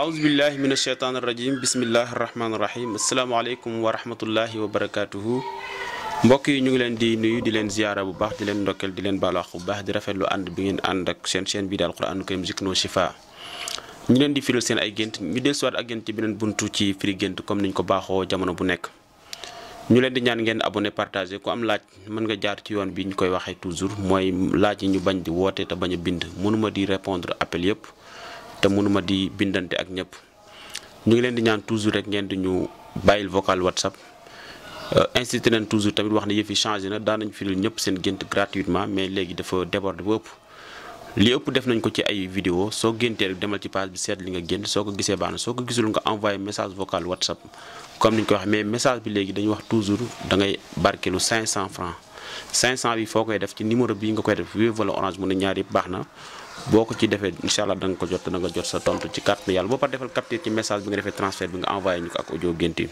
aousubillahi min asheytaan irajim bisimillahi irrahmani irahim asalaamaaleykum wa rahmatullahi wa barakatuhu mbokk yi ñu ngi leen di nuyu di leen ziyaara bu baax di leen ndokkeel di leen baalu bu baax di rafetlu ànd bi ngeen ànd ak seen chaîne bi daal Alquraanul Kariim Zikru Shifaa ñu leen di firil seen ay gént ñu dellusiwaat ak gént ci beneen buntu ci firi gént comme niñ ko baaxoo jamono bu nekk ñu leen di ñaan ngeen abonné partagé ku am laaj mën nga jaar ci yoon bi ñu koy waxee toujours mooy laaj yi ñu bañ di woote te bañ a bind mënuma di répondre appel yëpp te mënuma di bindante ak ñëpp ñu ngi leen di ñaan toujours rek ngeen di ñu bàyyil vocal whatsapp euh, incité nañ toujours tamit wax ne yëf yi changé na daan nañ firil ñëpp seen gént gratuitement mais léegi dafa déborde ba ëpp li ëpp def nañ ko ci ay vidéo soo géntee rek demal ci page bi seet li nga génn soo ko gisee baax na soo ko gisul nga envoyé message vocal whatsapp comme ni ñu ko wax mais message bi léegi dañuy wax toujours da ngay barkelu 500 francs 500 bi foo koy def ci numéro bii nga koy def Wave wala Orange mu ne ñaar yëpp baax na boo ko ci defee incha danga ko jot da jot sa tontu ci kàttanu yàlla boo pare defal capture ci message bi nga defee transfert bi nga envoyé ñu ko ak audio gént yi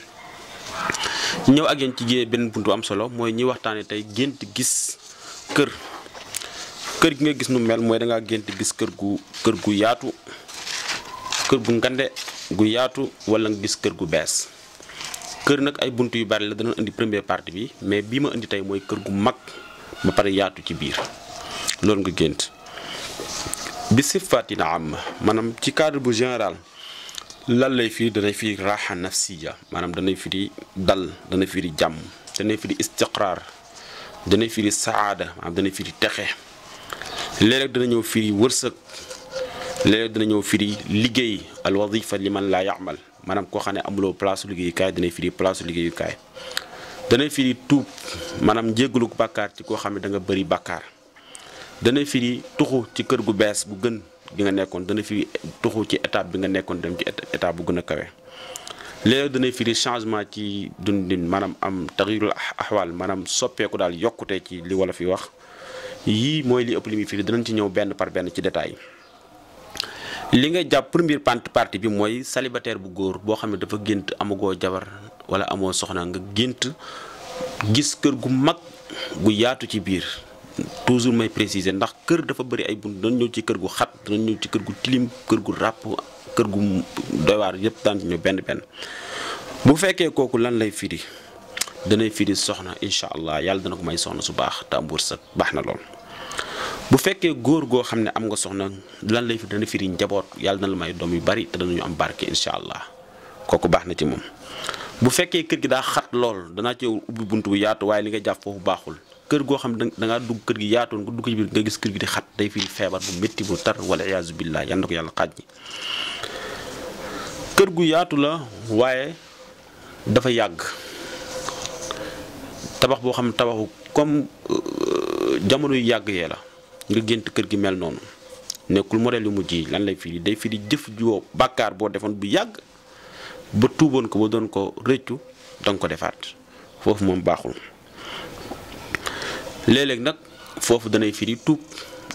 ñëw ak ci jiyee benn buntu am solo mooy ñi waxtaanee tey gént gis kër kër gi nga gis nu mel mooy da ngaa gént gis kër gu kër gu yaatu kër gu ngande gu yaatu wala nga gis kër gu bees kër nag ay bunt yu bari la dana indi première partie bi mais bi ma indi tey mooy kër gu mag ba pare yaatu ci biir loolu bi sifatin amma maanaam ci cadre bu général lan lay firi danay firi raaxa nafsiya maanaam danay firi dal danay firi jàmm danay firi istiqraar danay firi saada maanaam danay firi texe léeg-léeg ñëw firi wërsëg léeg-léeg dana ñëw firi liggéey al wadifa li man laa yaamal maanaam koo xam ne amuloo place liggéeyukaay danay firi place liggéeyukaay danay firi tuub maanaam njéggalu bàkkaar ci koo xam ne danga bari bàkkaar dana firi tuxu ci kër gu bees bu gën gi nga nekkoon dana firi tuxu ci étape bi nga nekkoon dem ci étape bu gën a kawe léeg dana firi changement ci dundin maanaam am taxirul axwaal maanaam soppeeku daal yokkute ci li wala fi wax yii mooy li ëpp li muy firi danañ ci ñëw benn par benn ci détail li nga jàpp première partie bi mooy célibataire bu góor boo xam ne dafa gént amagoo jabar wala amoo soxna nga gént gis kër gu mag gu yaatu ci biir toujours may préciser ndax kër dafa bari ay bunt dañ ñëw ci kër gu xat dañ ñëw ci kër gu tilim kër gu ràpp kër gu doy waar yëpp daan ñëw benn benn bu fekkee kooku lan lay firi danay firi soxna incha allah yàlla dana ko may soxna su baax te am wërsëg baax na lool. bu fekkee góor goo xam ne am nga soxna lan lay firi dana njaboot yàlla dana la may doom yu bari te ñu am barke incha allah kooku baax na ci moom. bu fekkee kër gi daa xat lool danaa ci ubbi bunt bu yaatu waaye li nga jàpp foofu baaxul. kër goo xam da ngaa dugg kër gi yaatoon nga dugg ci biir nga gis kër gi di xat day firi feebar bu métti bu tar wala iyaazu billah yal ko yàlla xaaj ñi kër gu yaatu la waaye dafa yàgg tabax boo xam tabaxu comme euh, jamono yu yàgg yee la nga gént kër gi mel noonu nekkul modèle yu mujj yi lan lay firi day fii di jëf joo bàkkaar boo defoon bu yàgg ba tuuboon ko ba doon ko rëccu danga ko defaat foofu moom baaxul léeg nag foofu danay firi tuub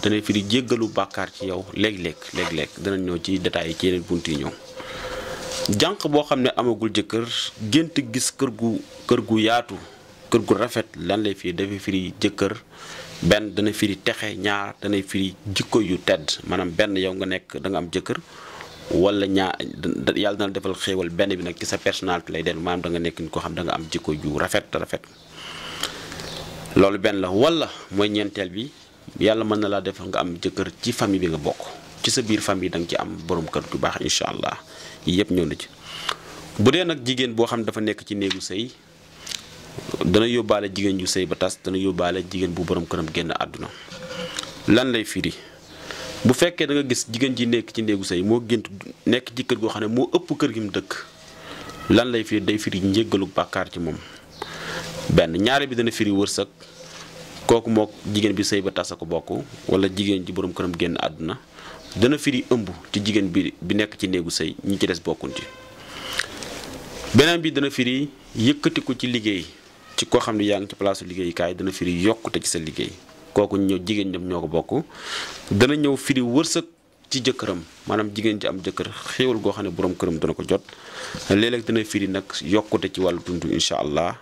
danay firi jéggalu bàkkaar ci yow léeg-léeg léeg danañ ñëw ci détails yi ci yeneen bunt yi ñëw jànq boo xam ne amagul jëkkër gént gis kër gu kër gu yaatu kër gu rafet lan lay fii dafay firi jëkkër benn dana firi texe ñaar danay firi jikko yu tedd maanaam benn yow nga nekk da nga am jëkkër wala ñaar yàlla dana defal xéewal benn bi nag ci sa personnalité lay dellu maanaam da nga nekk ni ko xam da nga am jikko yu rafet rafet loolu benn la wala mooy ñeenteel bi yàlla mën na laa defal nga am jëkkër ci famille bi nga bokk ci sa biir famille da nga ci am borom kër gu baax incha allah yii yëpp ñëw na ci bu dee nag jigéen boo xam ne dafa nekk ci néegu sëy dana yóbbaale jigéen ju sëy ba tas dana yóbbaale jigéen bu borom këram génn àdduna lan lay firi bu fekkee danga gis jigéen ji nekk ci néegu sëy moo gént nekk ci kër goo xam ne moo ëpp kër gi mu dëkk lan lay firi day firi njéggalu bàkkaar ci moom benn ñaare bi dana firi wërsëg kooku mook jigéen bi sëy ba tasa ko bokk wala jigéen ji borom këram génn àdduna dana firi ëmb ci jigéen bi bi nekk ci néegu sëy ñi ci des bokkun ci beneen bi dana firi ko ci liggéey ci koo xam ne yaa ngi ci place liggéeyukaay dana firi yokkute ci sa liggéey kooku ñëw jigéen ñoom ñoo ko bokk dana ñëw firi wërsëg ci jëkkëram maanaam jigéen ji am jëkkër xéewal goo xam ne borom këram dana ko jot léeg-léeg dana firi nag yokkute ci wàllu dund incha allah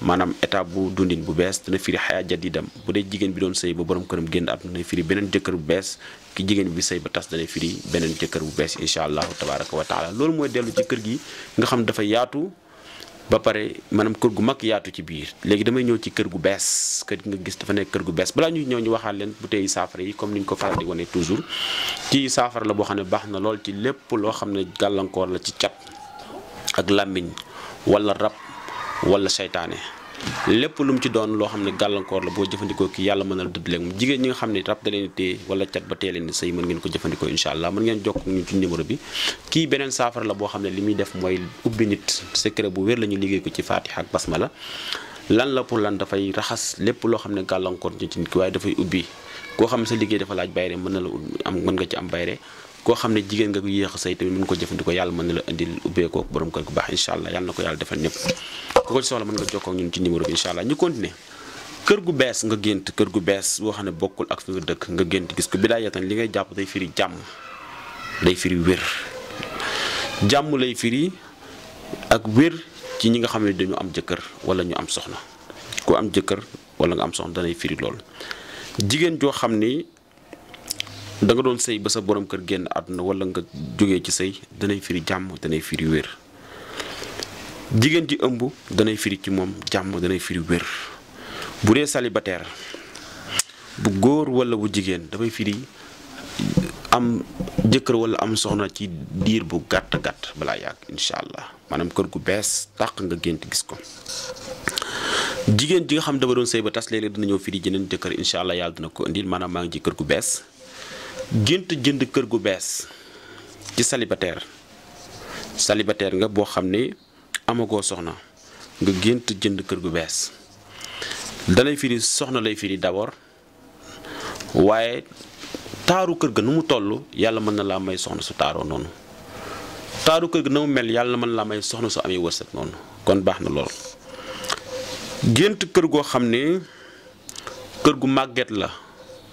maanaam étape bu dundin bu bees dana firi xayaat jadidam bu dee jigéen bi doon sëy ba borom këram génn at dana firi beneen jëkkër bu bees ki jigéen bi sëy ba tas dana firi beneen jëkkër bu bees incha allahu tabaraka wa taala loolu mooy dellu ci kër gi nga xam dafa yaatu ba pare maanaam kër gu mag yaatu ci biir léegi damay ñëw ci kër gu bees kër gi nga gis dafa nekk kër gu bees balaa ñuy ñëw ñu waxaat leen bu bouteilles saafara yi comme ni ñu ko faral di wane toujours ci saafara boo xam ne baax na lool ci lépp loo xam ne gàllankoor la ci cat làmmiñ wala rab wala seytaane lépp lu mu ci doon loo xam ne gàllankoor la boo jëfandikoo kii yàlla mën na la dëdd léegi jigéen ñi nga xam ne rab da leen téye wala cat ba tee leen sëy mën ngeen ko jëfandikoo incha allah mën ngeen jokk ñu ci numéro bi kii beneen saafara boo xam ne li muy def ubbi nit secret bu wér la ñu liggéey ko ci fatiha ak la lan la pour lan dafay raxas lépp loo xam ne gàllankoor ci nit ki waaye dafay ubbi koo xam ne sa liggéey dafa laaj bayre mën na la am mën nga ci am bayre koo xam ne jigéen nga ko yéex a say tamit mën ko jëfandikoo yàlla mën na la indil ubbeekoo ak kër gu baax incha allah yàlla na ko yàlla defal ñëpp ku ko ci soxla mën nga jokkoo ak ñun ci numéro bi incha allah bees nga gént kër gu bees boo xam ne bokkul ak fi dëkk nga gént gis ko bi daa yetan li ngay jàpp day firi jàmm day firi wér jàmm lay firi ak wér ci ñi nga xam ne dañu am jëkkër wala ñu am soxna ku am jëkkër wala nga am soxna danay firi lool jigéen joo xam ni da doon sëy ba sa borom kër génn àdduna walla nga jógee ci sëy danay firi jàmm danay firi wér jigéen ji ëmb danay firi ci moom jàmm danay firi wér bu dee célibataire bu góor wala bu jigéen dafay firi am jëkkër wala am soxna ci diir bu gàtt gàtt balaa yàgg incha allah maanaam kër gu bees tàq nga gént gis ko jigéen ji nga xam dafa doon sëy ba tas léeg-léeg dina ñëw firi jeneen jëkkër incha allah yàlla dina ko indil maanaam maa ngi ci kër gu bees gént jënd kër gu bees ci célibataire célibataire nga boo xam ne amagoo soxna nga gént jënd kër gu bees dalay firi soxna lay fii firi d'abord waaye taaru kër ga nu mu toll yàlla mën na laa may soxna su taaroo noonu taaru kër ga na mu mel yàlla mën na laa may soxna su amee wërsëg noonu kon baax na lool gént kër goo xam ne kër gu màgget la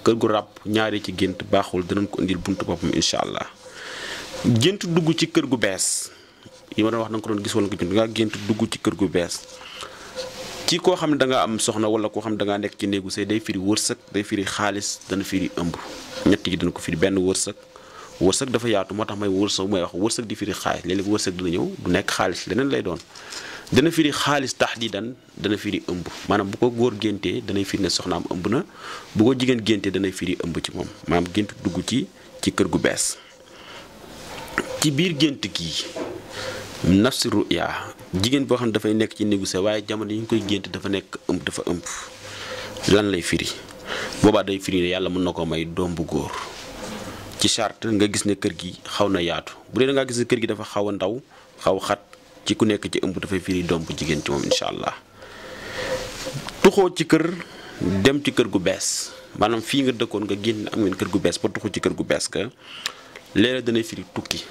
kër gu ràbb ñaari ci gént baaxul danañ ko indil buntu boppam incha allah gént dugg ci kër gu bees yi ma doon wax na ko doon gis wala nga ko gént dugg ci kër gu bees ci koo xam ne danga am soxna wala koo xam ne da nekk ci néegu sëy day firi wërsëg day firi xaalis dana firi ëmb ñett yi dana ko firi benn wërsëg wërsëg dafa yaatu moo tax may wërsëg may wax wërsëg di firi xaalis léeg-léeg wërsëg dina ñëw du nekk xaalis leneen lay doon dana firi xaalis taxdidan dana firi ëmb maanaam bu ko góor géntee danay firi ne soxnaam ëmb na bu ko jigéen géntee danay firi ëmb ci moom maanaam gént dugg ci ci kër gu bees ci biir gént gi nafsi ruya jigéen boo xam ne dafay nekk ci néegu sëy waaye jamono yi ñu koy gént dafa nekk ëmb dafa ëmb lan lay firi boobaa day firi yàlla mën na ko may doom bu góor ci chart nga gis ne kër gi xaw na yaatu bu dee da gis ne kër gi dafa xaw a ndaw xaw xat ci ku nekk ci ëmb dafay firi doom bu jigéen ci moom incha allah tuxoo ci kër dem ci kër gu bees maanaam fii nga dëkkoon nga génn am kër gu bees ba tuxu ci kër gu bees ga léeg-léeg danay tukki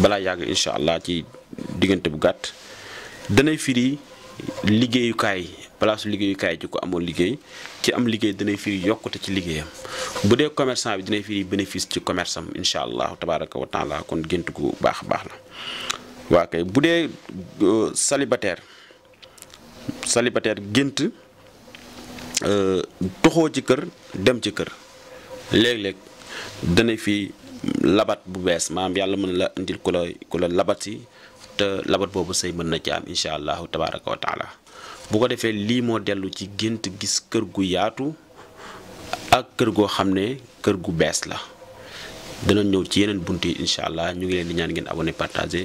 balaa yàgg incha allah ci diggante bu gàtt danay firi liggéeyukaay palaasu liggéeyukaay ci ko amoon liggéey ci am liggéey danay firi yokkute ci liggéeyam bu dee commerçant bi dinay firi bénéfice ci commerce incha allah tabaraka wa taala kon gént gu baax baax na waa kay bu dee euh, célibataire célibataire gént toxoo euh, ci kër dem ci kër léeg-léeg dana fi labat bu bees maam yàlla mën la indil ku la ku la labat si te labat boobu sëy mën na ci am incha allahu tabaraka wa taala bu ko defee lii moo dellu ci gént gis kër gu yaatu ak kër goo xam ne kër gu bees la dana ñëw ci yeneen bunt yi incha allah ñu ngi leen di ñaan ngeen abonné partagé